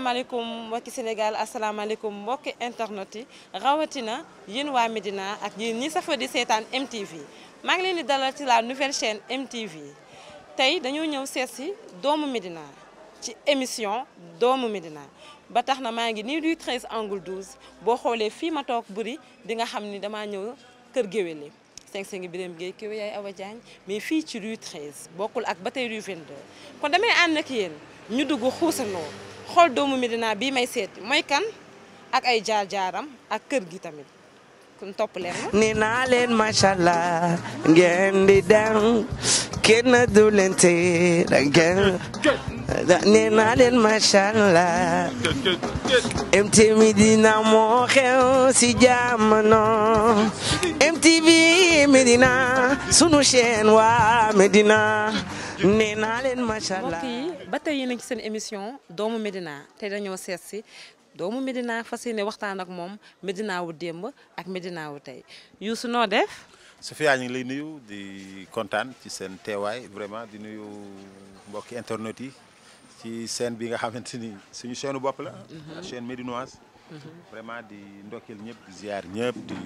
asalaamaaleykum mbokki Sénégal asalaamaaleykum mbokki internet yi rawatina yéen waa Médina ak yéen ñi safa seetaan MTV maa ngi leen di dalal ci la nouvelle chaîne MTV tey dañoo ñëw seet si doomu Médina ci émission doomu Médina ba tax na maa ngi nii du 13 angle boo xoolee fii ma toog buri di nga xam ni damaa ñëw kër géwél yi seng sengi biram géey kéw yaay Awa mais fii ci rue 13 bokkul ak ba tey rue 22 kon damay ànd ak yéen ñu dugg xuusanoo xool doomu Médina bii may mooy kan ak ay jaar-jaaram ak kër gi tamit kon topp leen ma. nee naa leen macha allah di dem kenn du leen tee ngeen nee naa leen macha allah MTV Médina moo xew si jamono MTV Médina sunu chaîne waa Médina. nee naa leen macha allah mbokk ba tey yéen a ngi seen émission doomu Medina te dañoo seet si doomu Medina fas yéene waxtaan ak moom Medina wu démb ak Medina wu tey Youssou noo def. Sofia ñu ngi lay nuyu di kontaan ci seen teewaay vraiment di nuyu mbokki internet yi ci seen bi nga xamante ni suñu chaîne bopp la. la mhm. chaîne médinoise. Mhm. vraiment di ndokkeel ñëpp di ziar ñëpp di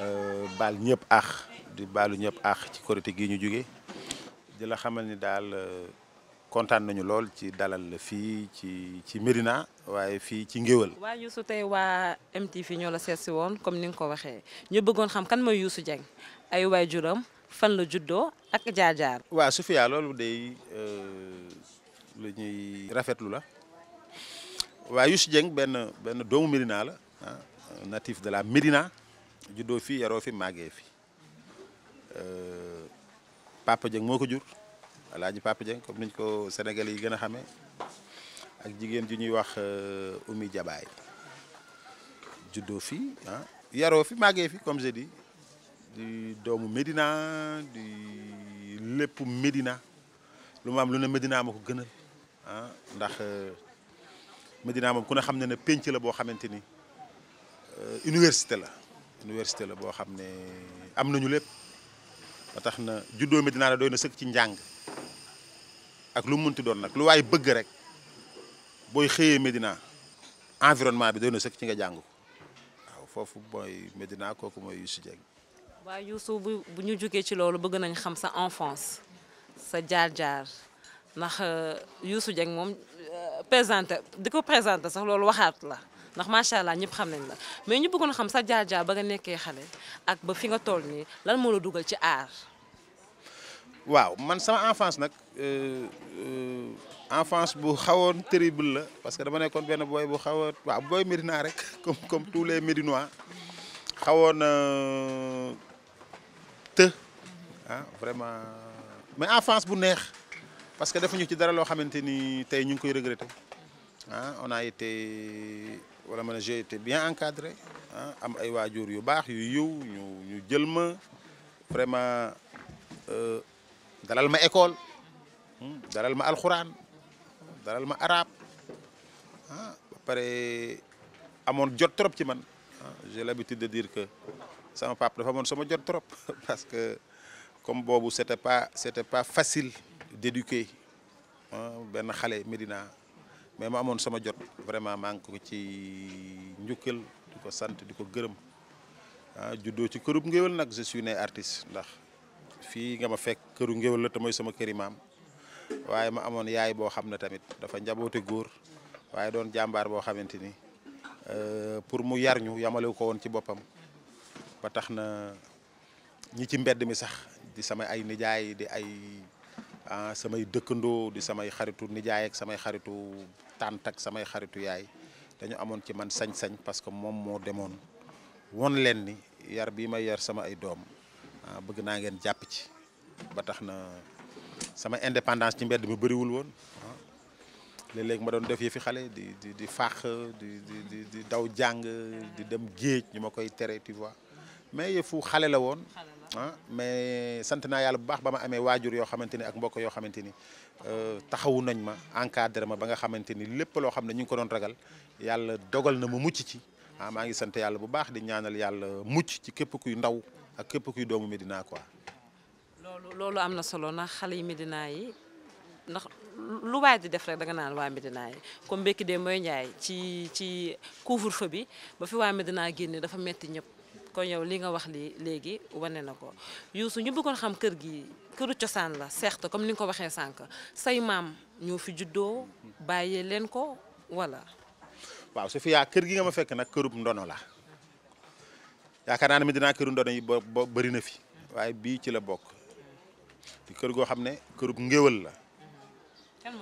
euh, baal ñëpp ax di baalu ñëpp ax ci korité gii ñu jóge di xamal ni daal euh, kontaan nañu lool ci dalal la fii ci ci Médina waaye fii ci Ngéwal. waa Youssou tey waa fi ñoo la seet si woon comme ni nga ko waxee ñu bëggoon xam kan mooy Youssou Dieng ay waay waajuram fan la juddoo ak jaar-jaar. waaw Sofia loolu day euh, lu ñuy rafetlu la waaye Youssou Dieng benn benn doomu Médina la ah natif de la Médina juddoo fii yaroo fi màggee fi. Euh, Papa Dieng moo ko jur Alaaji Papa Dieng comme niñ ko Sénégalais yi gën a xamee ak jigéen ju ñuy wax euh, Oumy Diabaye juddoo fi ah yaroo fi màggee fi comme je di doomu Médina di lépp Médina lu ma am lu ne Médina ma ko gënal ah ndax euh, Médina moom ku ne xam ne ne pénc la boo xamante ni euh, université la université la boo xam ne am nañu lépp. ba tax na juddoo Medina la doy na sëkk ci njàng ak lu munti doon nag lu waay bëgg rek booy xëyee Medina environnement bi doy na sëkk ci nga jàng ko waaw foofu mooy Medina kooku mooy Youssou Dieng. waaw Youssou bu ñu jógee ci loolu bëgg nañ xam sa enfance sa jaar-jaar ndax euh, Youssou Dieng moom euh, présenté di ko présenté sax loolu waxaat la. ndax macha allah ñëpp xam nañ la mais ñu bëggoon xam sa jaar-jaar ba nga nekkee xale ak ba fi nga toll nii lan moo la dugal ci aar. waaw man sama enfance nag euh, euh, enfance bu xawoon terrible la parce que dama nekkoon benn booy bu xaw a booy Médina rek comme comme tous les xawoon euh, të ah vraiment mais enfance bu neex parce que defuñu ci dara loo xamante ni tey ñu ngi koy regretter ah on a été. wala ma ne j'ai été bien encadré ah, am ay waajur yu baax yu yiw ñu ñu jël ma vraiment euh, dalal ma école hmm, dalal ma alxuraan dalal ma arab ah ba amoon jot trop ci man ah, j'ai l'habitude de dire que sama papa dafa amoon sama jot trop parce que comme boobu c'était pas c'était pas facile d'éduquer ah, benn xale Médina mais ma amoon sama jot vraiment maa ngi ko ci njukkal di ko sant di ko gërëm ah juddoo ci kërub ngéwél nag je suis né ndax fii nga ma fekk këru ngéwél la te mooy sama këri maam waaye ma amoon yaay boo xam ne tamit dafa njaboote góor waaye doon jàmbaar boo xamante ni euh, pour mu yar ñu yamalewu ko woon ci boppam ba tax na ñi ci mbedd mi sax di sama ay nijaay di ay Ah, samay dëkkandoo di samay xaritu nijaay ak samay xaritu tànt ak samay xaritu yaay dañu amoon ci man sañ-sañ parce que moom moo demoon won leen ni yar bii may yar sama ay doom ah, bëgg naa ngeen jàpp ci ba tax na sama indépendance ci mbedd mi bëriwul woon ah. léeg ma doon def yëfi xale di di di fàq di di di daw jàng di dem géej ñu ma koy tere tu vois mais yëfu xale la woon ah mais sant naa yàlla bu baax ba ma amee waajur yoo xamante ni ak mbokk yoo xamante ni euh, taxawu nañ ma encadré ma ba nga xamante ni lépp loo xam ne ñu ngi ko doon ragal yàlla dogal na ma mucc ci ah maa ngi sant yàlla bu baax di ñaanal yàlla mucc ci képp kuy ndaw ak képp kuy doomu Médina ko loolu loolu am na solo na xale yi Médina yi ndax lu waay di def rek danga naan waa Médina yi comme mbékki de mooy Njaay ci ci couvre-feu bi ba fi waa Médina génne dafa metti ñëpp. kon yow li nga wax li léegi wane na ko Youssou ñu bëggoon xam kër gi këru cosaan la certes comme ni nga ko waxee sànq say maam ñoo fi juddoo bàyyee leen ko wala. waaw su fi yaa kër gi nga ma fekk nag këru ndono la yaakaar naa ne dinaa këru ndono yi ba bëri fi waaye bii ci la bokk di kër goo xam ne kërub ngéwal la. kan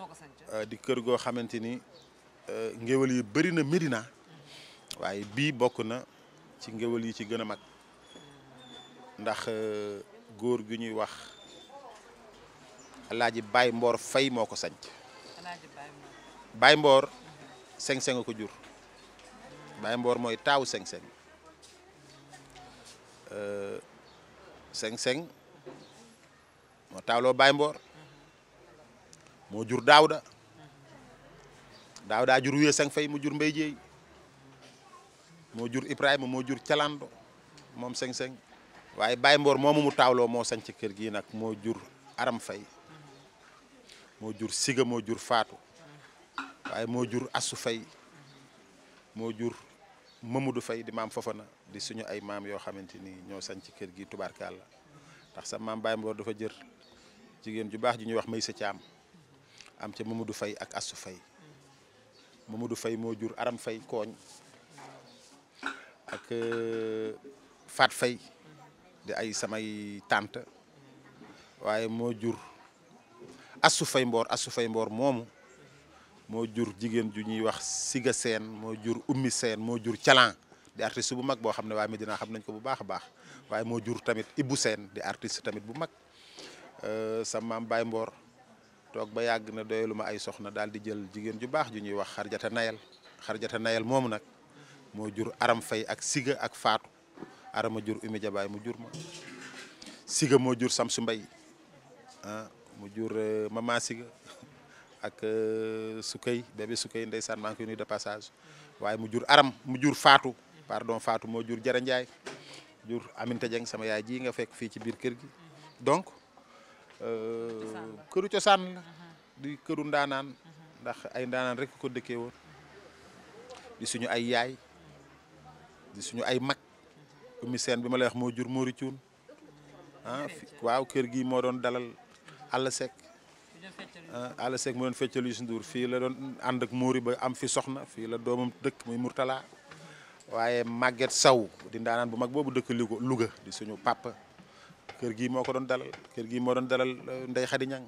euh, di kër goo xamante ni euh, ngéwal yi bëri na Médina waaye bii bokk na. ci ngéwél yi ci gën a mag ndax euh, góor gi ñuy wax alaaji bay Mboor Fay moo ko sanc bay Mboor seng-seng ko jur Baye Mboor mooy taaw seng-seng seng-seng euh, moo taawloo Baye Mboor moo jur Daawda Daawda jur wuyee seng fay mu jur Mbay Jéey moo jur Ibrahima moo jur Calando moom seng-seng waaye Baye Mboor moomu mu taawloo moo sañ ci kër gii nag moo jur Aram Fay moo jur Siga moo jur Faatu waaye moo jur Assu Fay moo jur Mamadou Fay di maam Fofana di suñu ay maam yoo xamante ni ñoo sañ ci kër gi la ndax sa maam Baye Mboor dafa jër jigéen ju baax ji ñuy wax Maysa Caam am ca Mamadou Fay ak Assu Fay Mamadou Fay moo jur Aram Fay kooñ ak euh, faat Fay di ay samay tànt waaye moo jur Assu Fay Mboor Assu Fay Mboor moomu moo jur jigéen ju ñuy wax Siga Seen moo jur Ummi Seen moo jur Calan di artiste bu mag boo xam ne waa Medina xam nañ ko bu baax a baax waaye moo jur tamit Ibou Seen di artiste tamit bu mag euh, sa maam Baye Mboor toog ba yàgg na doyalu ay soxna daal di jël jigéen ju baax ju ñuy wax xarjata nayal xarjata nayal moomu nag moo jur aram fay ak siga ak faatu arama jur umi jabaay mu jur ma siga moo jur samsu mbay ah, mu jur euh, mama siga ak euh, sukay bébé sukay ndeysaan maa ngi koy nuyu de passage waaye mu jur aram mu jur faatu pardon faatu moo jur jara njaay jur aminta jeng sama yaay ji nga fekk fii ci biir kër gi donc euh, këru cosaan di këru ndaanaan ndax ay ndaanaan rek ko dëkkee woon di suñu ay yaay di suñu ay mag ummi seen bi ma lay wax moo jur Mori Cuun ah waaw kër gi moo doon dalal àll sec àll ah, sec moo doon feccal Youssou fii la doon ànd ak Mori ba am fi soxna fii la doomam dëkk muy Mourtala waaye Maguette Saw di ndaanaan bu mag boobu dëkk Louga di suñu papa kër gi moo ko doon dalal kër gi moo doon dalal euh, Ndey Xadi Ñang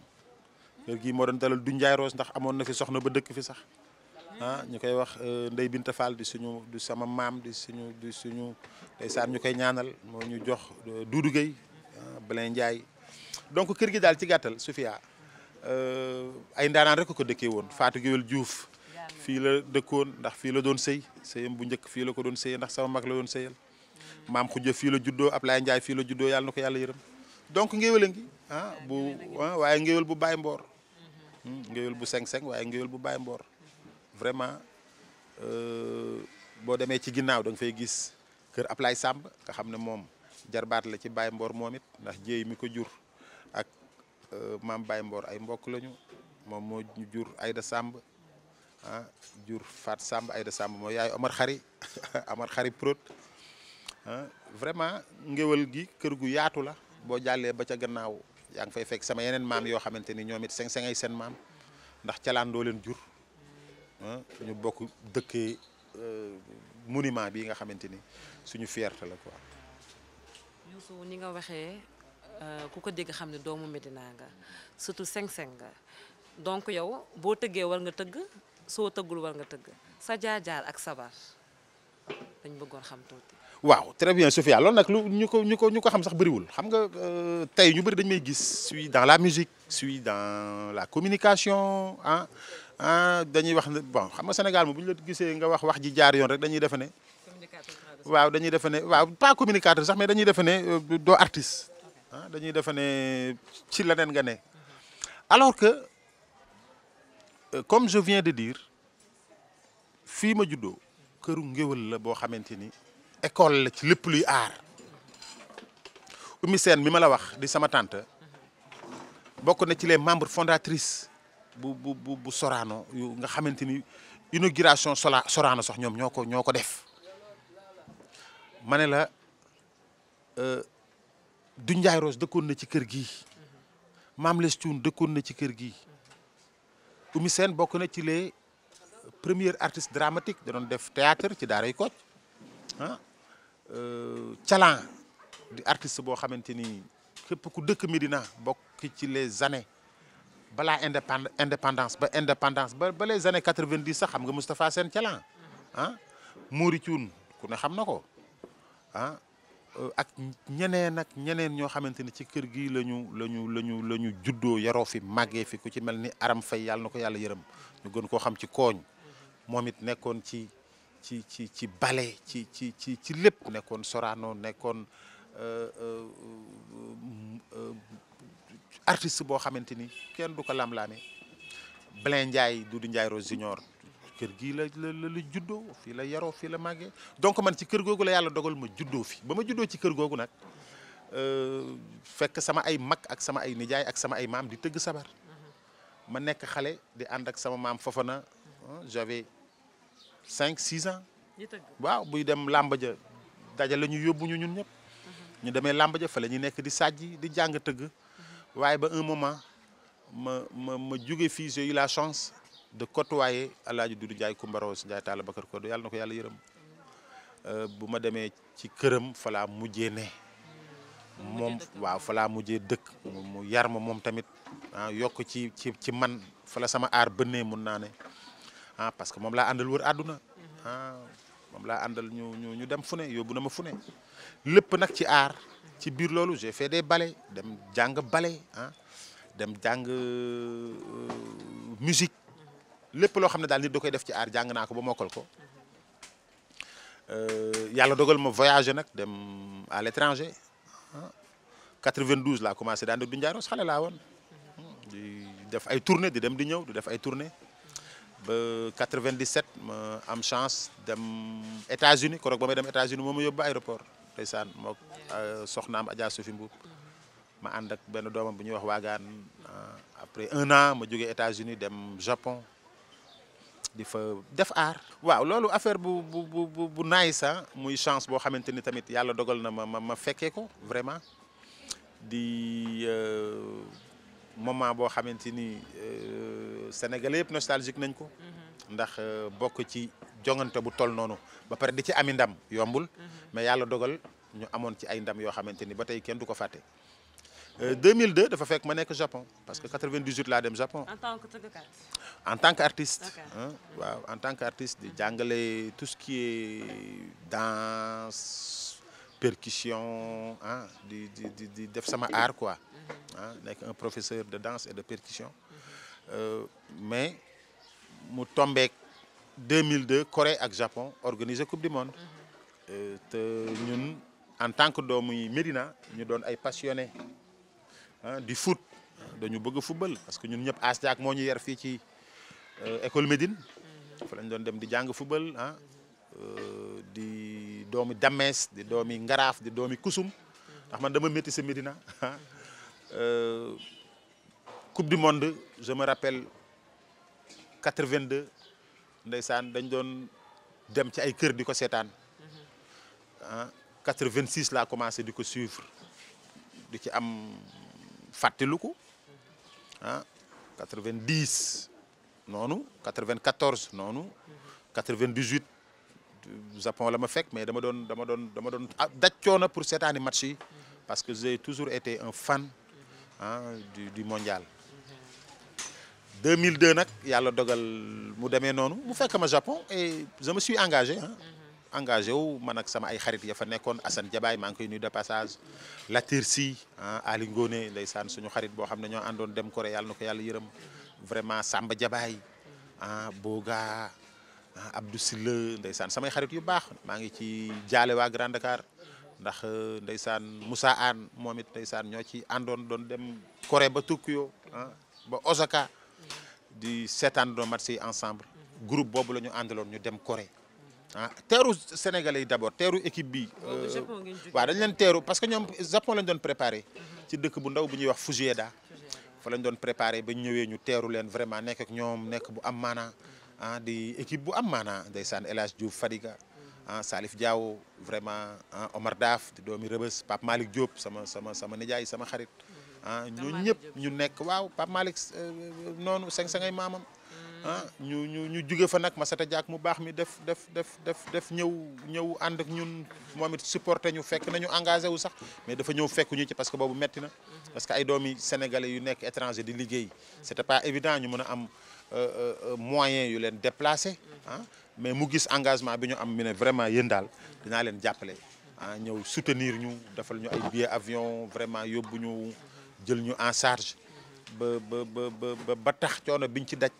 kër gii moo doon dalal Dunjaay Roos ndax amoon na fi soxna ba dëkk fi sax Ah, ñu koy wax euh, Ndey Binta Fall di suñu di sama maam di suñu di suñu ndeysaan ñu koy ñaanal moo ñu jox euh, Doudou Gueye ah, Blin Ndiaye donc kër gi daal ci gàttal Sofia euh, ay ndaanaan rek ko dëkkee woon faatu Guewel Diouf fii la dëkkoon ndax fii la doon sëy sëyam bu njëkk fii la ko doon sëy ndax sama mag la doon sëyal maam Khoudia fii la juddoo Ablaye Ndiaye fii la juddoo yàlla na ko yàlla yërëm donc ngéwél a ngi ah, bu waaye ngéwél bu Baye Mbor hmm, ngéwél bu seng seng waaye ngéwél bu Baye Mbor vraiment euh, boo demee ci ginnaaw da nga fay gis kër Ablaye Samb nga xam ne moom jarbaat la ci Baye mboor moom it ndax jéey mi ko jur ak euh, maam Baye mboor ay mbokk lañu moom moo jur Ayda Samb ah jur Fat Samb Ayda Samb mooy yaay Omar Xari Omar Xari Prod ah vraiment ngéwal gi kër gu yaatu la boo jàllee ba ca gannaaw yaa ngi fay fekk sama yeneen maam yoo xamante ni ñoom it seng-sengay seen maam ndax calaan doo leen jur Ah, ñu bokk dëkkee euh, monument bi nga xamante ni suñu fierté la quoi. Youssou ni nga waxee euh, ku ko dégg xam ne doomu Medina nga surtout seng-seng nga donc yow boo tëggee war nga tëgg soo tëggul war nga tëgg sa jaar-jaar ak sabar. dañ waaw très bien Sophia lool nag lu ñu ko ñu ko ñu ko xam sax bariwul xam nga euh, tey ñu bari dañ may gis suis dans la musique suis dans la communication ah ah dañuy wax ne bon xam nga Sénégal moom bu ñu la gisee nga wax wax ji jaar yoon rek dañuy defe ne. waaw dañuy defe ne waaw pas communicateur sax mais dañuy defe ne euh, doo artiste ah dañuy defane ne ci leneen nga ne alors que euh, comme je viens de dire fii ma juddoo. këru ngéwël la boo xamante ni école la ci lépp luy aar Oumy Sène bi ma la wax di sama tante bokk na ci les membres fondatrice bu bu nga xamante ni inauguration sola sax ñoom ñoo ko ñoo ko def ma ne la euh, Doudou Ndiaye Rose dëkkoon na ci kër gi Mame Less dëkkoon na ci kër gi Oumy Sène bokk na ci les premier artiste dramatique da doon def théâtre ci daaray Kocc ah euh, Calan di artiste boo xamante ni képp ku dëkk Médina bokk ci les années balaa indépend indépendance ba indépendance ba ba les années quatre sax xam nga Moustapha seen Calan ah Mouri Thioune ku ne xam na ko ah euh, ak ñeneen ak ñeneen ñoo xamante ni ci kër gi la ñu la ñu la ñu la ñu juddoo yaroo fi màggee fi ku ci mel ni Aram Fay yàlla na ko yàlla yërëm ñu gën koo xam ci kooñ moom it nekkoon ci ci ci ci bale ci ci ci ci lépp nekkoon Sorano nekkoon euh, euh, euh, artiste boo xamante ni kenn du ko lamlaane Blin Ndiaye Doudou Ndiaye Rose Junior kër gii la la la juddoo fii la yaroo fii la màggee donc man ci kër googu la yàlla dogal ma juddoo fi ba ma juddoo ci kër googu nag fekk sama ay mag ak sama ay nijaay ak sama ay maam di tëgg sabar mm-hmm. ma nekk xale di ànd ak sama maam Fofana j'avais cinq six ans waaw buy dem làmba ja daja yóbbu ñu ñun ñëpp ñu demee làmba ja fa la ñu nekk di sàjji di jàng tëgg waaye ba un moment ma ma ma jóge fii j'ai la chance de côtoyer El Hadj Doudou Ndiaye Coumba Rose Ndiaye Talla Bakar Kodo yàlla na ko yàlla yërëm euh, bu ma demee ci këram fa laa mujjee ne moom waaw fa laa mujjee dëkk mu yar ma moom tamit ah, yokk ci ci ci man fala sama aar bënnee mun naa ne ah parce que moom laa àndal wër àdduna ah, moom laa àndal ñu ñu dem fu ne yóbbu na ma fu ne lépp nag ci aar ci biir loolu j'ai fait des dem jàng bale ah, dem jàng euh, musique lépp loo xam ne daal nit da koy def ci aar jàng naa ko ba mokkal ko euh, yàlla dogal ma voyagé nag dem à l'étranger ah 92 laa commencé daan du njaaros xale laa woon hmm, di def ay tournée di dem di ñëw di def ay tourne ba 97 ma am chance dem États-Unis koroog ba may dem États-Unis moo ma yóbbu aéroport ndeysaan moo euh, soxnaam Adja Sofi Mbuub ma ànd ak benn doomam bu ñuy wax waagaan euh, après un an ma jógee États-Unis dem Japon fa def aar. waaw loolu affaire bu bu bu bu sax ah, muy chance boo xamante ni tamit yàlla dogal na ma ma ma fekkee vraiment di. Euh, moment boo xamante ni euh, sénégalais yëpp nostalgique nañ ko. Mhm. ndax euh, bokk ci jongante bu toll noonu ba pare di ci ami ndam yombul. Mhm. mais yàlla dogal ñu amoon ci ay ndam yoo xamante ni ba tey kenn du ko fàtte. 2002 euh, dafa fekk ma nekk Japon parce que 98 mhm. laa dem Japon. en tant que en tant que artiste. waaw en tant que artiste jàngale tout ce qui est percussion ah di di di di def sama art quoi ah nekk un professeur de dance et de percussion euh, mais mu tombeek 2002 Corée ak Japon organiser coupe du monde mhm. euh, te ñun en tant que doomuy Médina ñu doon ay passionné ah di foot dañu bëgg football parce que ñun ñëpp ASJAC moo ñu yar fii ci euh, école Médine mhm. fa lañ doon dem di jàng football Euh, di doomi Dames di doomi Ngaraaf di doomi Kusum ndax man dama métti sa ah. euh, coupe du monde je me rappelle 82 ndeysaan dañ doon dem ci ay kër di ko seetaan ah 86 la commencé di ko suivre di ci am fàttaliku ah 90 noonu 94 noonu 98. Japon la ma fekk mais dama doon dama doon dama doon ah, daj coono pour seetaani match parce que j'ai toujours été un fan ah du du mondial. 2002 nag dogal mu demee noonu mu fekk ma Japon et je me suis engagé ah. engagé wu man ak sama ay xarit ya fa nekkoon Assane Diabaye maa ngi koy nuyu de passage Latir Si ah Ali xarit boo xam ne ñoo àndoon dem Corée yal na ko yàlla yërëm vraiment Samba Diabaye ah ah Abdou Silla ndeysaan samay xarit yu baax maa ngi ci jaale waa Grand Dakar ndax euh, ndeysaan musa an moom it ndeysaan ñoo ci àndoon doon dem Corée ba Tokyo ah ba Osaka di seetaan doon match yi ensemble groupe boobu lañu ñu ñu dem Corée ah teeru Sénégalais yi d'abord teeru équipe bi euh, waaw dañ leen teeru parce que ñoom Japon lañ doon préparé ci dëkk bu ndaw bu ñuy wax Fujieda fa lañ doon préparé ba ñëwee ñu teeru leen vraiment nekk ñoom nekk bu am maanaa ah di équipe bu am maanaa ndeysaan El Hadj Diouf Fadiga mhm. ah Salif vraiment ah Omar Daaf di doomi Rëbës Pape Malick Diop sama sama sama nijaay sama xarit mhm. ah ñooñu ñëpp ñu nekk waaw Pape Malick euh, noonu seng sengay maamam mhm. ah ñu ñu ñu jóge fa nag Masata Diak mu baax mi def def def def def ñëw ñëw ànd ak ñun moom it supporter ñu fekk nañu engagé wu sax mais dafa ñëw fekk ñu ci parce que boobu metti na parce que ay doomi sénégalais yu nekk étranger di liggéey c'était pas évident ñu mën a am Euh, euh, euh, moyens yu leen déplacé ah mais mu gis engagement bi ñu am mi ne vraiment yéen daal dinaa leen jàppale a ñëw soutenir ñu defal ñu ay billet avion vraiment yóbbu ñu jël ñu en charge ba ba ba ba tax coono biñ ci daj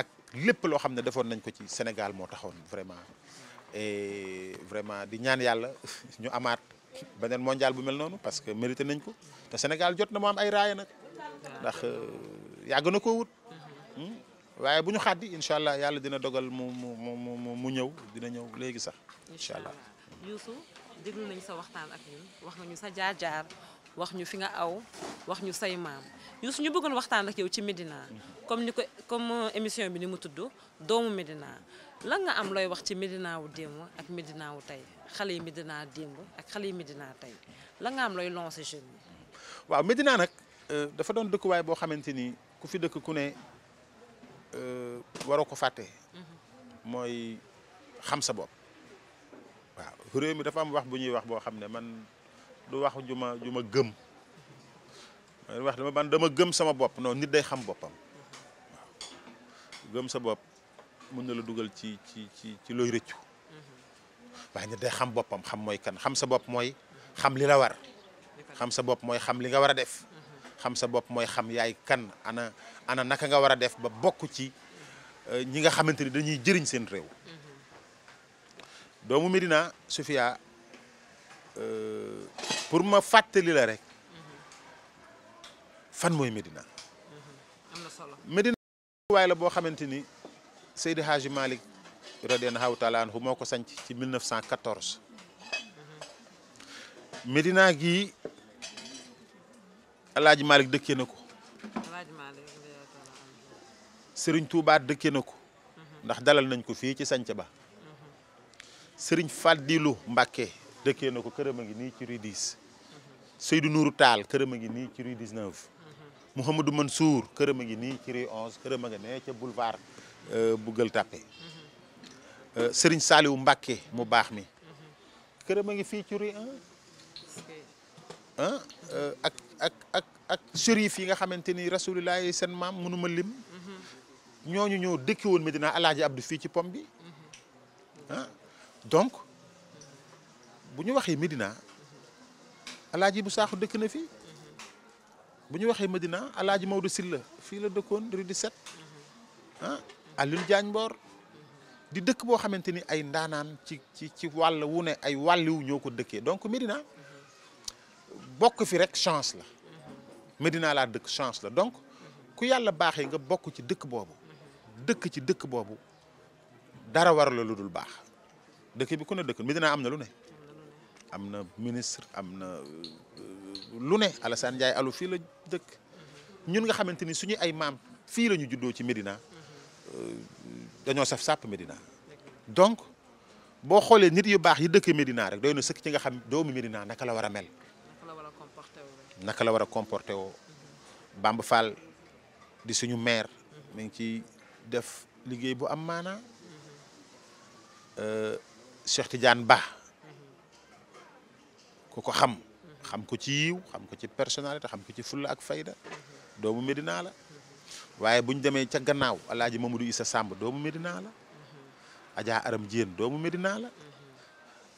ak lépp loo xam ne defoon nañ ko ci Sénégal moo taxoon vraiment vraiment di ñaan yàlla ñu amaat beneen mondial bu mel noonu parce que mérité nañ ko te Sénégal jot na mu am ay raaya nag ndax yàgg koo wut. Hmm. waaye bu ñu xàddi incha allah yàlla dina dogal mu mu mu mu ñëw dina ñëw léegi sax. incha allah Youssou déglu sa waxtaan ak ñun wax nga ñu sa jaar wax ñu fi nga aw wax ñu say maam Youssou ñu bëggoon waxtaan ak yow ci Médina comme ni ko comme émission bi ni mu tudd doomu Médina lan nga am looy wax ci Médina wu démb ak Médina wu tey xale yi Médina démb ak xale yi Médina tey lan nga am looy lancer jeunes yi. waaw Médina nag euh, dafa doon dëkkuwaay boo xamante ni ku fi dëkk ku ne. Euh, waroo ko fàtte. mooy xam sa bopp. waaw réew mi dafa am wax bu ñuy wax boo xam ne man du wax juma juma gëm. wax dama man dama gëm sama bopp noonu nit day xam boppam. gëm sa bopp mën na la dugal ci ci ci ci looy rëccu. waaye nit day xam boppam xam mooy kan xam sa bopp mooy xam li la war. xam sa bopp mooy xam li nga war a def. xam sa bopp mooy xam yaay kan ana. ana naka nga war a def ba bokk ci euh, ñi nga xamante ni dañuy jëriñ seen réew. Mm-hmm. doomu Medina Sofia euh, pour ma fàttali la rek mm-hmm. fan mooy Medina. Mm-hmm. am na solo Medina boo xamante ni Seydi Hadji Malick radiyallahu taala anhu moo ko ci 1914. Medina gii El Hadj Malick dëkkee na ko. sëriñ Touba dëkke na ko ndax dalal nañ ko fii ci sanc ba sëriñ Fàddilu Mbàkke dëkkee na ko këram a ngi nii ci rue 10 Seydou Nourou Tall këram a ngi nii ci rue 19 Mouhamadou Mansour këram a ngi nii ci rue 11 këram a nga ne ca boulevard euh, bu Gueule Tapée euh, sëriñ Saliou Mbàkke mu baax mi këram a ngi fii ci rue 1 ah euh, ak ak yi nga xamante ni rasulullah seen maam mënuma lim ñooñu ñoo dëkki woon Medina Alaaji Abdou fii ci pom ah. bu ñu waxee Medina Alaaji bu saaxu dëkk na fi bu ñu waxee Medina Alaaji Maodo Silla fii la dëkkoon rue 17 ah Alioune Diagne Mbor di dëkk boo xamante ni ay ndaanaan ci ci ci wàll wu ne ay wàlliwu ñoo ko dëkkee donc Medina bokk fi rek chance la Medina laa dëkk chance la donc ku yàlla baaxee nga bokk ci dëkk boobu dëkk ci dëkk boobu dara war la lu dul baax dëkk bi ku ne dëkk Medina am na lu ne am na ministre am na euh, lu ne Alassane Ndiaye alo fii la dëkk ñun nga xamante ni suñu ay maam fii la ñu juddoo ci Medina euh, dañoo saf sàpp Medina donc boo xoolee nit yu baax yi dëkk Medina rek doy na sëkk ci nga xam doomu Medina naka la war a mel. naka la war a comporté woo Bamba di suñu maire mi ci def liggéey bu am maanaa euh, Cheikh Tidiane Ba ku ko xam xam ko ci yiw xam ko ci personnalité xam ko ci fulla ak fayda doomu Medina la waaye bu ñu demee ca gannaaw alaaji Mamadou Issa Samb doomu Medina la Adja Aram Diène doomu Medina la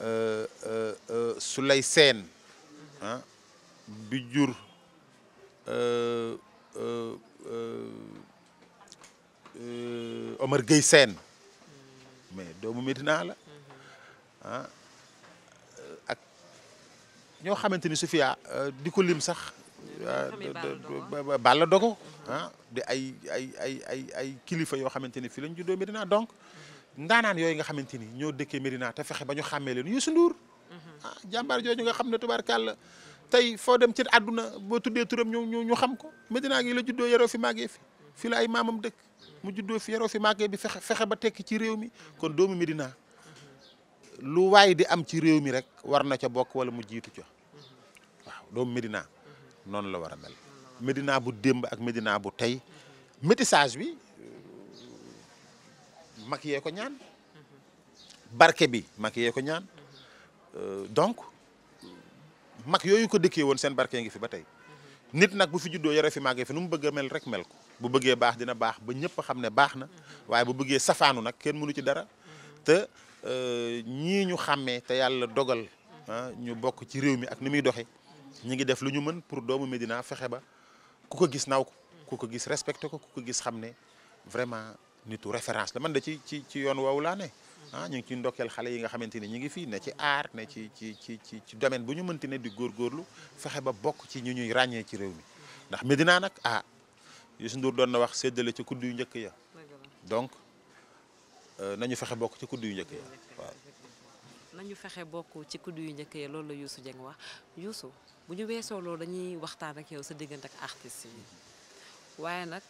euh, euh, Souley Sène bi ah, jur Euh, Omar Gueye Sène mais doomu Médina la ah euh, ak ñoo xamante ni Sofia euh, di lim sax. Balla Dogo ah ay kilifa yoo xamante ni fii juddoo Médina donc ndaanaan yooyu nga xamante ñoo dëkkee Médina te fexe ba ñu xàmmee leen Youssou Ndour mhm. ah jàmbaar jooju nga xam ne tubaarkàlla tey foo dem ci àdduna boo tuddee turam ñu xam ko Médina gi la juddoo yaroo fi màggee fi fii la ay maamam dëkk. mu juddoo fi yaroo fi màggee bi fexe fexe ba tekki ci réew mi kon doomu Medina lu waay di am ci réew mi rek war na ca bokk wala mu jiitu ca waaw doomu Medina noonu la war a mel. Medina bu démb ak Medina bu tey métissage bi euh, mag yee ko ñaan barke bi mag yee ko ñaan euh, donc mag yooyu ko dëkkee woon seen barke ngi fi ba tey nit nag bu fi juddoo yore fi màggee fi nu mu bëgg a mel rek mel ko. bu bëggee baax dina baax ba ñëpp xam ne baax na waaye bu bëggee safaanu nag kenn mënu ci dara te euh, ñii ñu xàmmee te yàlla dogal ah, ñu bokk ci réew mi ak ni muy doxee ñu ngi def lu ñu mën pour doomu Médina fexe ba ku ko gis naw ko ku ko gis respecté ko ku ko gis xam ne vraiment nitu référence la man da ci ci ci yoon woowu laa ne ah ñu ngi ciy ndokkeel xale yi nga xamante ni ñu ngi fii ne ci aar ne ci ci ci ci ci domaine bu ñu mënti ne di góor góorlu fexe ba bokk ci ñu ñuy ràññee ci réew mi Youssou Ndour doon na wax séddale ci kudd yu njëkk ya donc euh, nañu fexe bokk ci kudd yu njëkk ya fexe bokk ci kudd yu njëkk loolu la Youssou Dieng wax Youssou bu ñu weesoo loolu dañuy waxtaan ak yow sa diggante ak artistes yi waaye nag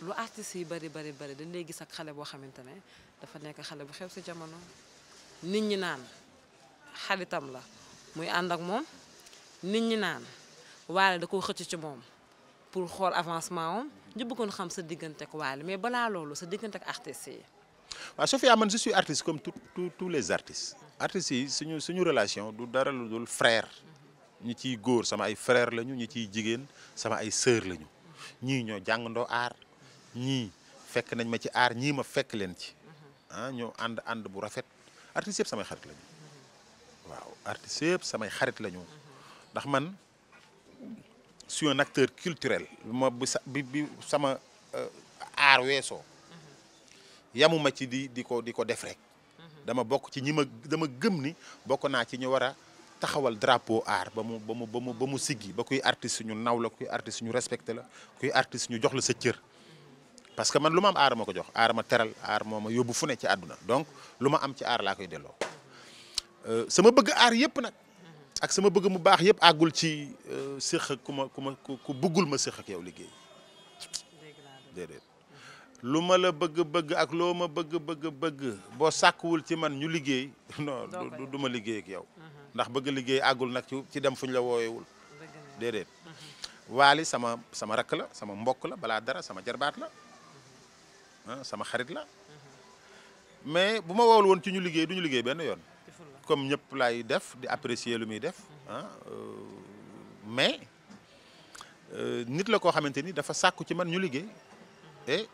lu artistes yi bari bari bari dañ lay gis ak xale boo xamante ne dafa nekk xale bu xew si jamono nit ñi naan xaritam la muy ànd ak moom nit ñi naan waale da koo xëcc ci moom pour xool avancement am ñu bëggoon xam sa diggante ak Wally mais balaa loolu sa diggante ak artistes yi. waaw Sophia man je suy artiste comme tout tout tous les artistes artistes yi suñu suñu relation du dara lu dul frère ñi ciy góor sama ay frère lañu ñi ciy jigéen sama ay sœur lañu ñii ñoo jàngandoo aar ñii fekk nañ ma ci aar ñii ma fekk leen ci ah ñoo ànd ànd bu rafet artistes yëpp samay xarit waaw artistes yëpp samay xarit lañu ndax man. suis un acteur culturel ma bi sa bi bi sama euh, aar weesoo mhm. yamuma ci di di ko di ko def rek mhm. dama bokk ci ñi ma dama gëm ni bokk naa ci ñu war a taxawal drapeau aar ba mu ba ba mu ba mu siggi ba kuy artiste ñu naw la kuy artiste ñu respecté la kuy artiste ñu jox la sa cër parce que man lu ma am aar ma ko jox aar ma teral aar moo ma yóbbu fu ne ci àdduna donc lu ma am ci aar laa koy delloo euh, sama bëgg aar yëpp nag ak sama bëgg mu baax yépp àggul ci euh, séq ak ku ma ku ma bëggul ma séq ak yow liggéey lu ma la bëgg-bëgg ak loo ma bëgg-bëgg-bëgg boo sàkkwul ci man ñu liggéey non du ma liggéey ak yow mhm. ndax bëgg liggéey agul nag ci dem fuñ la wooyewul déedéet mhm. waali sama sama rakk la sama mbokk la balaa dara sama jarbaat la mhm. ah, sama xarit la mais bu ma woowul woon ci ñu liggéey du ñu liggéey benn yoon comme ñëpp lay def di apprécier lu muy def ah euh, mais euh, nit la koo xamante ni dafa sàkku ci man ñu liggéey et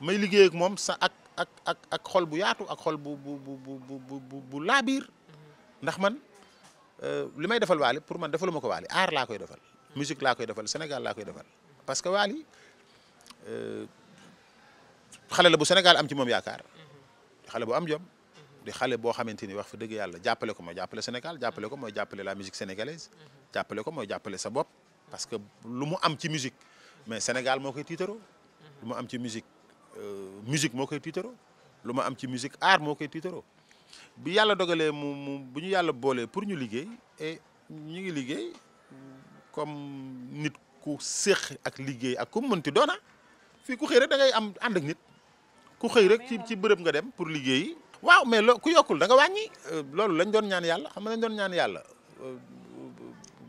may liggéey ak moom sa ak ak ak ak xol bu yaatu ak xol bu bu bu bu bu laabiir ndax man euh, li may defal Wally pour man defaluma ko Wally aar laa koy defal musique laa koy defal Sénégal laa koy defal parce que Wally xale la bu Sénégal am ci moom yaakaar xale bu am jom. di xale boo xamante ni wax fa dëgg yàlla jàppale ko mooy jàppale Sénégal jàppale ko mooy jàppale la musique sénégalaise jàppale ko mooy jàppale sa bopp parce que lu mu am ci musique mais Sénégal moo koy tiitaroo lu mu am ci musique euh, musique moo koy tiitaroo lu mu am ci musique art moo koy tiitaroo bu yàlla dogalee mu mu bu ñu yàlla boolee pour ñu liggéey et ñu ngi liggéey comme nit ku séq ak liggéey ak ku mënti doona ah. fii ku xëy rek da ngay am ànd ak nit ku xëy rek ci ci bërëb nga dem pour liggéey waaw mais loo ku yokkul da nga wàññi euh, loolu lañ doon ñaan yàlla xam nañ doon ñaan yàlla euh,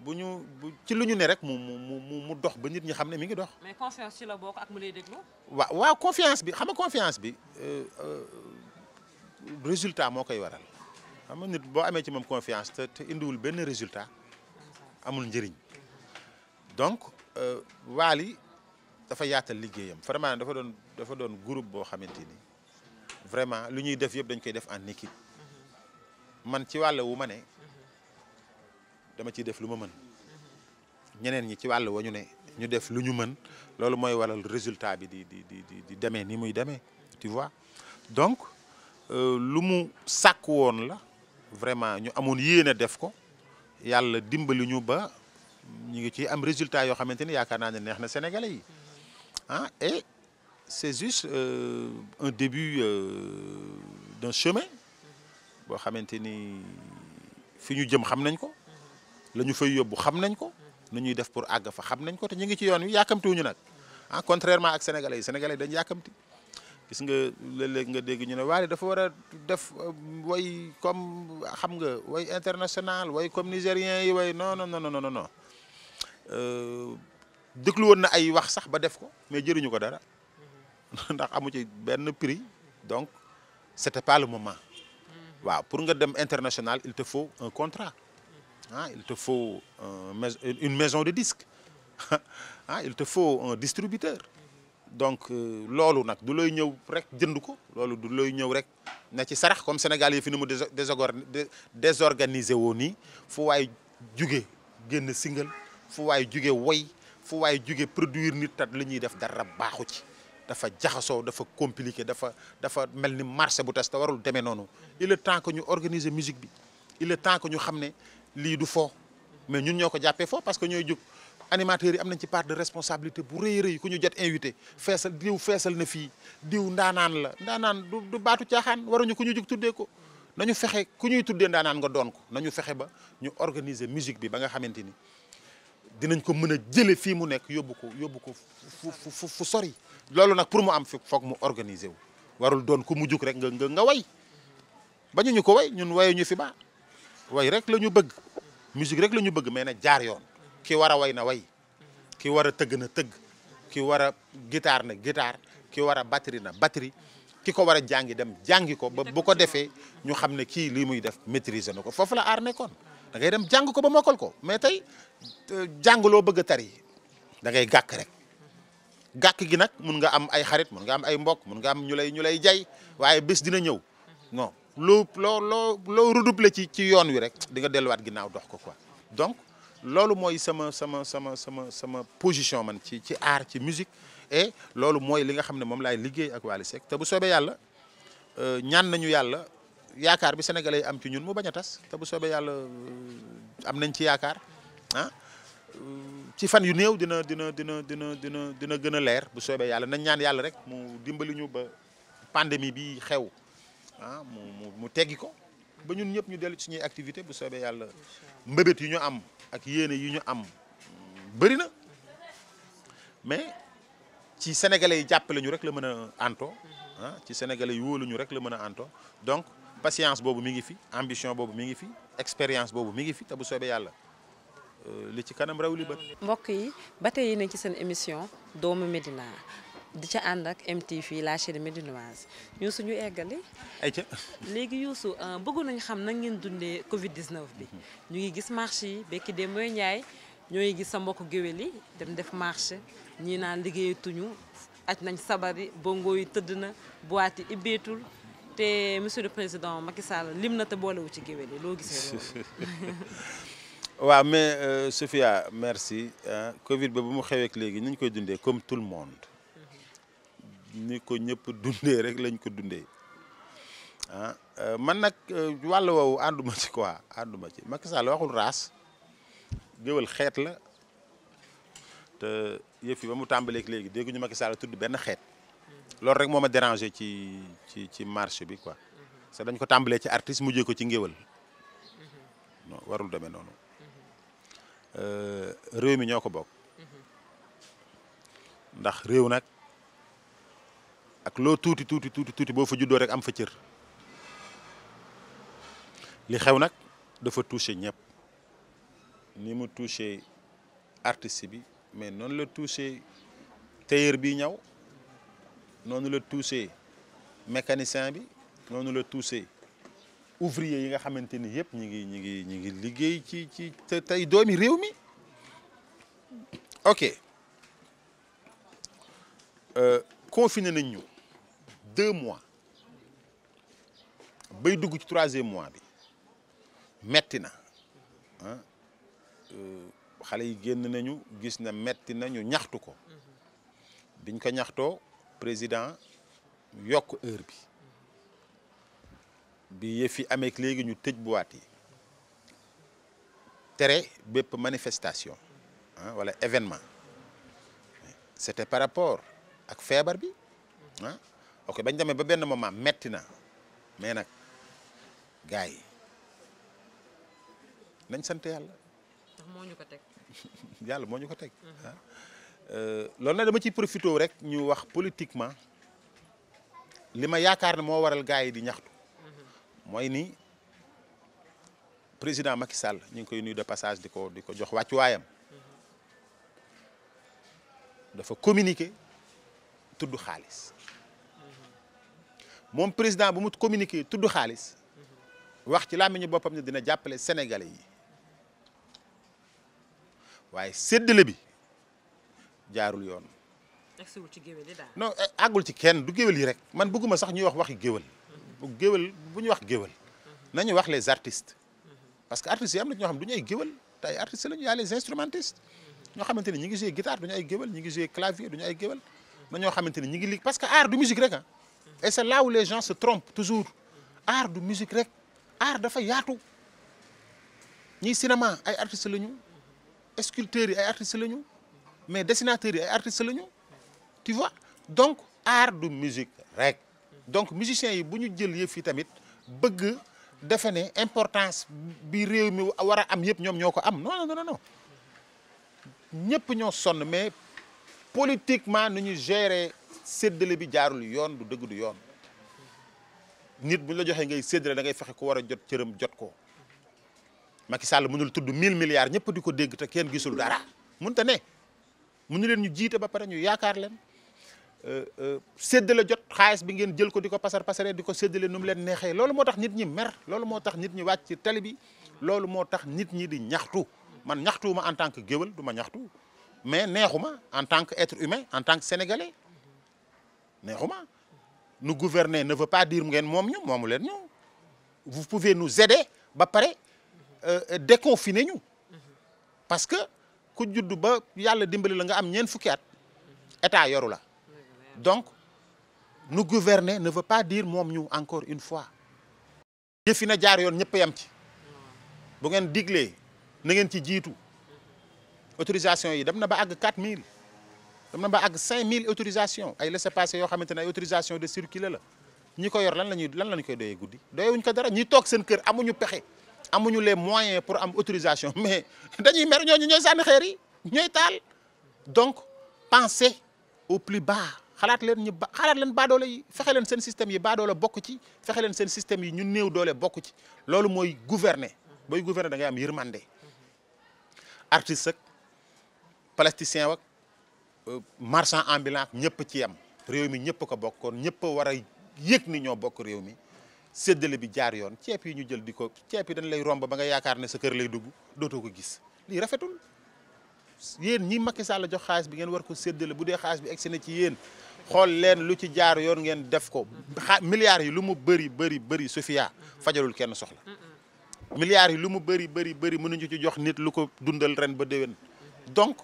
bu ñu ci lu ñu ne rek mu mu mu mu dox ba nit ñi xam ne mi ngi dox. mais ci la bokk ak mu lay déglu. waaw waaw confiance bi xam nga confiance bi euh, résultat moo koy waral xam nga nit boo amee ci moom confiance te indiwul benn résultat amul njëriñ donc yi dafa yaatal liggéeyam vraiment dafa doon dafa doon groupe boo xamante vraiment lu ñuy def yëpp dañ koy def en équipe man ci wàll wu ma ne dama ciy def lu ma mën ñeneen ñi ci wàll wa ñu ne ñu def lu ñu mën loolu mooy waral résultat bi di di di di demee ni muy demee tu vois donc euh, lu mu sàkk woon la vraiment ñu amoon yéene def ko yàlla dimbali ñu ba ñu ngi ci am résultat yoo xamante ni yaakaar naa ne neex na sénégalais yi ah et c'est juste euh, début euh, d'un chemin boo xamante ni fi ñu jëm xam nañ ko la ñu fay yóbbu xam nañ ko nu ñuy def pour àgg fa xam nañ ko te ñu ngi ci yoon wi yàkkamtiwuñu nag ah contrairement ak sénégalais yi dañ yàkkamti gis nga léeg-léeg nga dégg ñu ne waaye dafa war a def euh, way comme xam nga way international way comme nigérien yi way non non non non non non euh, woon na ay wax sax ba def ko mais jëriñu ko dara. ndax amu ci benn prix donc c'était pas le moment mm. waaw pour nga dem international il te faut un contrat ah il te faut une maison de disque ah il te faut un distributeur donc euh, loolu nag du looy ñëw rek jënd ko loolu du looy ñëw rek na ci sarax comme Sénégal yi fi ni mu désorganisé woo nii fu waay juge génn single fu waay juge woy fu waay juge produire nit tat ñuy def dara baaxu ci dafa jaxasoo dafa compliqué dafa dafa mel ni marché bu tas te warul demee noonu il est temps que ñu organiser musique bi il est temps ñu xam ne lii du foo mais ñun ñoo ko jàppee foo parce que ñooy jóg animateurs yi am nañ ci part de responsabilité bu rëy rëy ku ñu jot invité feesal diw feesal na fii diw ndaanaan la ndaanaan du du baatu caaxaan waruñu ku ñu jug tuddee ko nañu fexe ku ñuy tuddee ndaanaan nga doon ko nañu fexe ba ñu organiser musique bi ba nga xamante ni dinañ ko mën a jële mu nekk yóbbu ko loolu nag pour mu am fi foog mu organiser wu warul doon ku mu jug rek nga nga nga way bañu ñu ko way ñun waye ñu fi ba way rek la ñu bëgg musique rek la ñu bëgg mais na jaar yoon ki war a way na way ki war a tëgg na tëgg ki war a guitare na guitare ki war a batterie na batterie ki ko war a jàngi dem jàngi ko ba bu ko defee ñu xam ne kii lii muy def maîtriser na ko foofu la aar nekkoon dangay dem jàng ko ba mokkal ko mais tey jàng loo bëgg a tari da gàkk rek gàkk gi nag mun nga am ay xarit mun nga am ay mbokk mun nga am ñu lay ñu lay jay waaye bés dina ñëw non loo loo loo loo ci ci yoon wi rek di nga delluwaat ginnaaw dox ko quoi donc loolu mooy sama sama sama sama sama position man ci ci art ci musique et loolu mooy li nga xam ne moom laay liggéey ak Wally Seck te bu soobee yàlla euh, ñaan nañu yàlla yaakaar bi sénégalais am ci ñun mu bañ a tas te bu soobee yàlla euh, am nañ ci yaakaar ah, euh, ci fan yu néew dina dina dina dina dina dina gën a leer bu soobee yàlla nañ ñaan yàlla rek mu dimbali ñu ba pandémie bi xew ah mu mu mu teggi ko ba ñun ñëpp ñu dellu ci ñuy activité bu soobee yàlla mbébét yu ñu am ak yéene yu ñu am mm, bëri na mais ci sénégalais yi jàppale ñu rek la mën a anto ah ci sénégalais yi wóolu ñu rek la mën a anto donc patience boobu mu ngi fi ambition boobu mi ngi fi expérience boobu mi ngi fi te bu soobee yàlla Euh, li ci kanam raw li bët. mbokk yi ba tey yéen ci seen émission doomu Médina di ca ànd ak mt MTV la chaîne médinoise ñun suñu eggali. ayca léegi Youssou euh, bëggoon nañ xam na ngeen dundee Covid 19 bi ñu ngi gis marché yi bekki mooy Ndiaye ñoo ngi gis sa mbokk géwél yi dem def marché ñii naan liggéeyatuñu aj nañ sabar yi bongo yi tëdd na boîte yi ibbeetul te monsieur le président Macky Sall lim na te boolewu ci géwél yi loo gisee loolu. waaw mais euh, Sophia merci hein, Covid ba bu mu xeweek léegi ni ñu koy dundee comme tout le monde ni ko ñëpp dundee rek lañ ko dundee ah man nag euh, wàll woowu ànduma ci quoi ànduma ci Macky Sall waxul raas géwal xeet la te yëf yi ba mu tàmbaleek léegi dégguñu Macky Sall tudd benn xeet loolu rek moom ma dérangé ci ci ci marché bi quoi mm-hmm. parce que dañ ko tàmbalee ci artiste mujjee ko ci ngéwal mm-hmm. non warul demee noonu Euh, réew mi ñoo ko bokk mm-hmm. ndax réew nag ak loo tuuti tuuti tuuti tuuti boo fa juddoo rek am fa cër li xew nag dafa touché ñëpp ni mu touché artiste bi mais noonu la touché tailleur bi ñaw noonu la touché mécanicien bi noonu la touché ouvrier yi nga xamante ni yëpp ñi ngi ñi ngi ngi liggéey ci ci te tey doomi réew mi ok euh, confiné nañ ñu deux mois bay dugg ci troisième mois bi metti na ah xale yi génn nañu gis na metti nañu ñaxtu ko mm-hmm. biñ ko ñaxtoo président yokk heure bi bi yëf yi amee léegi ñu tëj boîte yi tere bépp manifestation ah wala événement c'était par rapport ak feebar bi ah ok bañ demee ba benn moment metti na mais nag gars yi nañ sant yàlla. ndax moo ñu ko yàlla moo ñu ko teg. Euh, loolu nag dama ciy profité rek ñu wax politiquement li ma yaakaar ne moo waral gars di ñaxtu. mooy nii président Macky Sall ñu ngi koy nuyu de passage di ko di ko jox wàccuwaayam dafa communiquer tudd xaalis moom président bu mu communiquer tudd xaalis wax ci làmmiñu boppam na dina jàppale sénégalais yi waaye séddale bi jaarul yoon. agsiwul ci géwél yi daal e-, ci kenn du géwél yi rek man bëgguma sax ñuy wax waxi géwél. géwél bu ñu wax géwél nañu wax les artistes parce que artistes yi am na ñoo xam du ñu ay géwél te ay artistes lañu yaa les instrumentistes ñoo xamante ni ñi ngi jouer guitare du ñu ay géwél ñi ngi jouer clavier du ñu ay géwél na ñoo xamante ni ñi ngi liggéey parce que art du musique rek ah et c'est là où les gens se trompent toujours art du musique rek art dafa yaatu ñiy cinéma ay artistes lañu sculpteurs yi ay artistes lañu mais dessinateurs yi ay artistes lañu tu vois donc art du musique rek donc musiciens yi bu ñu jël yëf yi tamit bëgg defe ne importance bi réew mi war a am yëpp ñoom ñoo ko am non non non ñëpp ñoo sonn mais politiquement nu ñu gere seddale bi jaarul yoon du dëgg du yoon nit bu la joxe ngay seddale da ngay fexe ko war a jot cëram jot ko Macky Sall mënul tudd 1000 milliards ñëpp di ko dégg kenn gisul dara mënta ne mënu leen ñu jiite ba pare ñu yaakaar leen. Euh, euh, séddale jot xaalis bi ngeen jël ko di ko pasar pasaree di ko séddale nu mu leen neexee loolu moo tax nit ñi mer loolu moo tax nit ñi wàcc ci bi loolu moo tax nit ñi di ñaxtu man ñaxtuwuma en tant que géwël du ma ñaxtu mais neexuma en tant que être humain en tant que sénégalais neexuma nu gouverner ne veut pas dire ngeen moom ñu moomu leen ñu vous pouvez nous aider ba pare euh, déconfiner ñu parce que ku juddu ba yàlla dimbali la nga am ñeen fukki at état yoru la donc nu gouverner ne veut pas dire moom ñu encore une fois jëfi na jaar yoon ñëpp yam ci bu ngeen diglee na ngeen ci jiitu autorisation yi dem na ba àgg 4000 dem na ba àgg 5000 autorisation ay laissez-passer yoo xamante ne ay autorisation de circuler la ñi ko yor lan la ñuy lan la ñu koy doyee guddi doyewuñ ko dara ñi toog seen kër amuñu pexe amuñu les moyen pour am autorisation mais dañuy mer ñu ñooy sànni xeer ñooy taal donc pensez au plus bas xalaat leen ñu ba xalaat leen baadoole yi fexe leen seen système yi baadoole bokk ci fexe leen seen système yi ñu néew doole bokk ci loolu mooy gouverne booy gouverner da am yërmande artiste ak plasticien wak euh, marchand ambulant ñëpp ci yam réew mi ñëpp ko bokk kon ñëpp war a yëg ni ñoo bokk réew mi séddale bi jaar yoon ceeb yi ñu jël di ko ceeb yi dañ lay romb ba nga yaakaar ne sa kër lay dugg dootoo ko gis lii rafetul yéen ñi Macky Sall la jox xaalis bi ngeen war ko séddale bu dee xaalis bi egsi ci yéen xool leen lu ci jaar yoon ngeen def ko xa milliards yi lu mu bëri bëri bëri Sofia fajarul kenn soxla milliards yi lu mu bëri bëri bëri mënuñu ci jox nit lu ko dundal ren ba déwén donc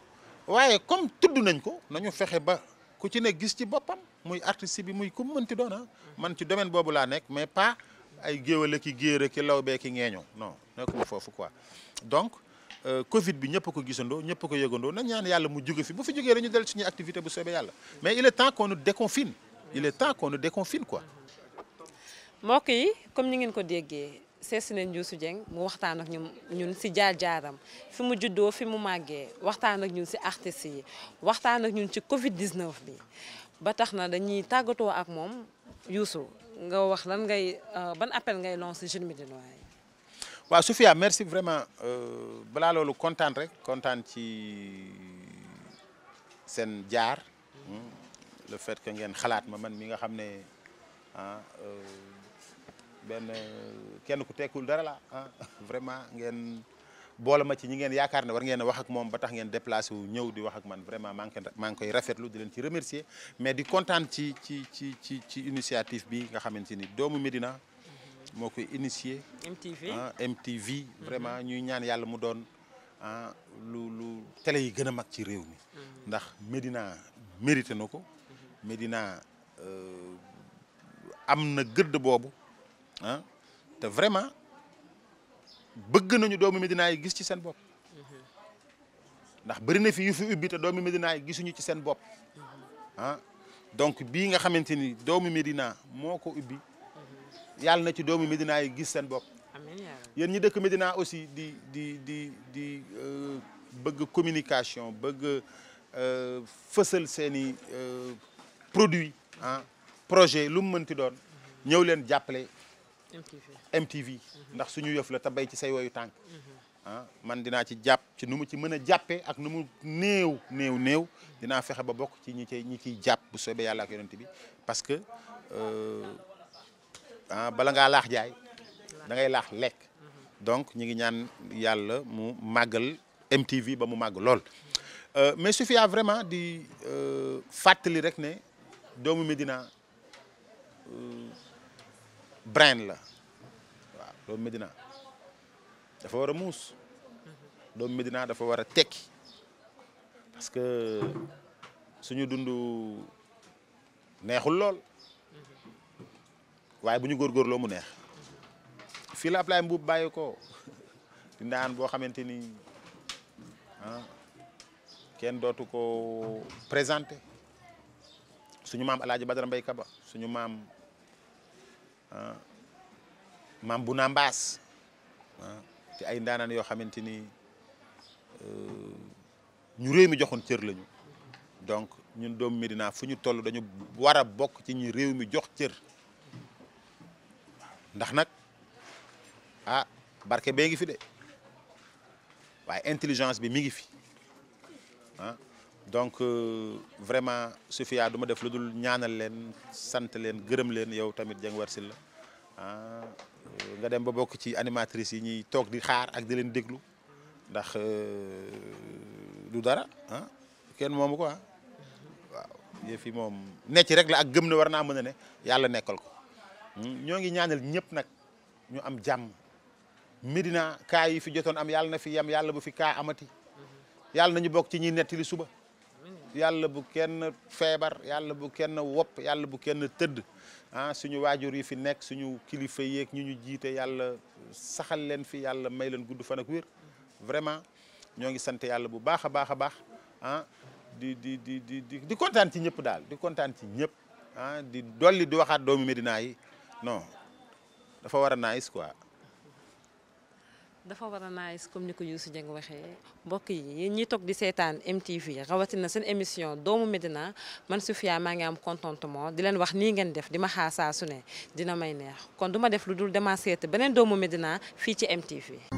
waaye comme tudd nañ ko nañu fexe ba ku ci ne gis ci boppam muy artiste bi muy ku mënti doona ah. man ci domaine boobu laa nekk mais pas ay géwél ki géer ki bee ki ngeeñoo non nekkuma foofu quoi donc Euh, Covid bi ñëpp ko gisandoo ñëpp ko yëgandoo nañ ñaan yàlla mu jóge fi bu fi jógee dañu dellu suñuy activité bu soobee yàlla mais il est temps qu'on nous déconfine il est temps qu'on nous déconfine quoi. mbokk yi comme ni ngeen ko déggee seesi nañ Youssou Dieng mu waxtaan ak ñun ñun si jaar-jaaram fi mu juddoo fi mu màggee waxtaan ak ñun si artistes yi waxtaan ak ñun ci Covid 19 bi ba tax na dañuy tàggatoo ak moom Youssou nga wax lan ngay euh, ban appel ngay lancé jeune Médinois yi waaw Sophia merci vraiment euh, balaa loolu kontaan rek kontaan ci seen jaar. Hmm, le fait que ngeen xalaat ma man mi nga xam ne ah euh, benn kenn ku tekkul dara la ah vraiment ngeen boole ci ñi ngeen yaakaar ne war ngeen a moom ba tax ngeen déplacer wu ñëw di wax ak man vraiment maa ngi koy maa ngi di leen ci remercier mais di kontaan ci ci ci ci ci initiative bi nga xamante ni doomu Médina moo koy initié. MTV ah, MTV. Mhm. vraiment ñuy ñaan yàlla mu doon ah lu lu télé yi gën a mag ci réew mi. Mhm. ndax Medina mérité na ko. Medina mhm. euh, am na gëdd boobu ah te vraiment bëgg nañu doomu Medina yi gis ci seen bopp. ndax bëri na fi yu fi ubbi te doomu Medina yi gisuñu ci seen bopp ah donc bii nga xamante ni doomu Medina moo ko ubbi. yàlla na ci doomu Médina yi gis seen bopp. amiin yéen ñi dëkk Médina aussi di di di di euh, bëgg communication bëgg euh, fësal seen i euh, produit ah projet lu mu mënti doon ñëw leen jàppale. MTV ndax suñu yëf la te bay ci say woyu tànk. Mm-hmm. man dinaa ci jàpp ci nu mu ci mën a jàppee ak nu mu néew néew néew dinaa fexe ba bokk ci ñi cay ñi ciy jàpp bu soobee yàlla ak yonent bi parce que. ah bala nga laax jaay dangay laax lekk donc ñu ngi ñaan yàlla mu màggal MTV ba mu màgg lool euh, mais suffit à vraiment di euh, fàttali rek ne doomu Médina euh, brain la waaw doomu Médina dafa war a muus doomu Médina dafa war a tekki parce que suñu dund neexul lool waaye bu ñu góorgóorloo mu neex fii la Ablaye Mbuub bàyyi ko di ndaan boo xamante ni ah, kenn dootu ko présenté suñu maam Alaaji Badara Mbay Kaba suñu maam ah, maam bu naa mbaas ah, ci ay ndaanaan yoo xamante ni euh, ñu réew mi joxun cër lañu donc ñun doom Medina fu ñu toll dañu war a bokk ci ñi réew mi jox cër ndax nag ah barke bee ngi fi de waaye intelligence bi mi ngi fi ah donc euh, vraiment Sofia du ma def lu dul ñaanal leen sant leen gërëm leen yow tamit Dieng War la ah euh, nga dem ba bokk ci animatrice yi ñuy toog di xaar ak di leen déglu ndax euh, du dara ah, kenn moomu ko ah waaw yëf yi moom necc rek la ak gëm na war naa mën a ne yàlla nekkal ko. ñoo ngi ñaanal ñëpp nag ñu am jàmm Medina kaa yi fi jotoon am yàlla na fi yem yàlla bu fi kaa amati yàlla ñu bokk ci ñu nettali suba yàlla bu kenn feebar yàlla bu kenn wopp yàlla bu kenn tëdd ah suñu waajur yi fi nekk suñu kilifa yéeg ñu ñu jiite yàlla saxal leen fi yàlla may leen gudd fan ak wér vraiment ñoo ngi sant yàlla bu baax a baax a baax ah di di di di di kontaan ci ñëpp daal di kontaan ci ñëpp ah di dolli di waxaat doomu Medina yi non dafa war a nice war a nice comme ni ko Youssou Dieng waxee mbokk yi yéen ñi toog di seetaan MTV rawatina seen émission doomu Medina man si Soufia maa ngi am contentement di leen wax nii ngeen def di ma xaasaasu ne dina may neex kon duma def lu dul dama seet beneen doomu Medina fii ci MTV.